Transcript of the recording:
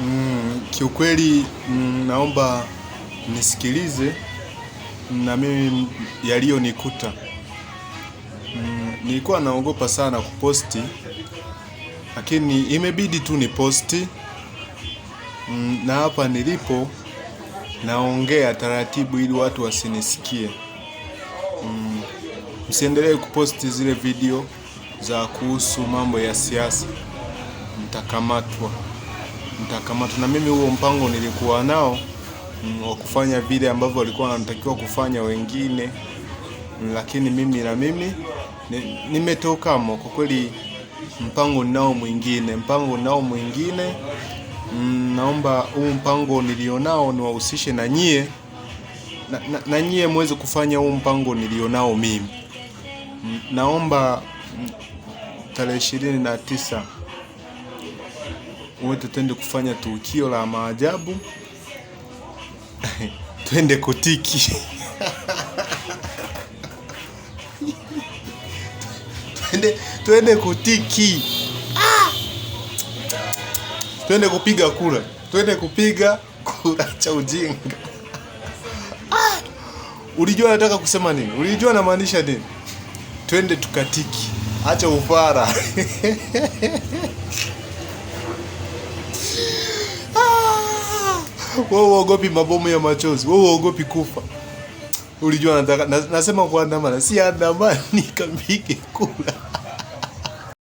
Mm, kiukweli mm, naomba nisikilize na mimi yaliyonikuta. Mm, nilikuwa naogopa sana kuposti, lakini imebidi tu posti Mm, na hapa nilipo naongea taratibu ili watu wasinisikie. Mm, msiendelee kuposti zile video za kuhusu mambo ya siasa, mtakamatwa nitakamatwa. Na mimi huo mpango nilikuwa nao mm, wa kufanya vile ambavyo walikuwa wanatakiwa kufanya wengine, lakini mimi na mimi nimetokamo. Kwa kweli mpango ninao mwingine, mpango ninao mwingine. Mm, naomba huu mpango nilionao niwahusishe na nyie na, na, na nyie mweze kufanya huu mpango nilionao mimi. Mm, naomba tarehe ishirini na tisa wote twende kufanya tukio la maajabu twende kutiki twende, twende kutiki ah! twende kupiga kura, twende kupiga kura cha ujinga ah! Ulijua nataka kusema nini? Ulijua namaanisha nini? Twende tukatiki, acha ufara Wewe uogopi mabomu ya machozi, wewe uogopi kufa. Ulijua nataka nasema kuandamana, si andamani, kambike kula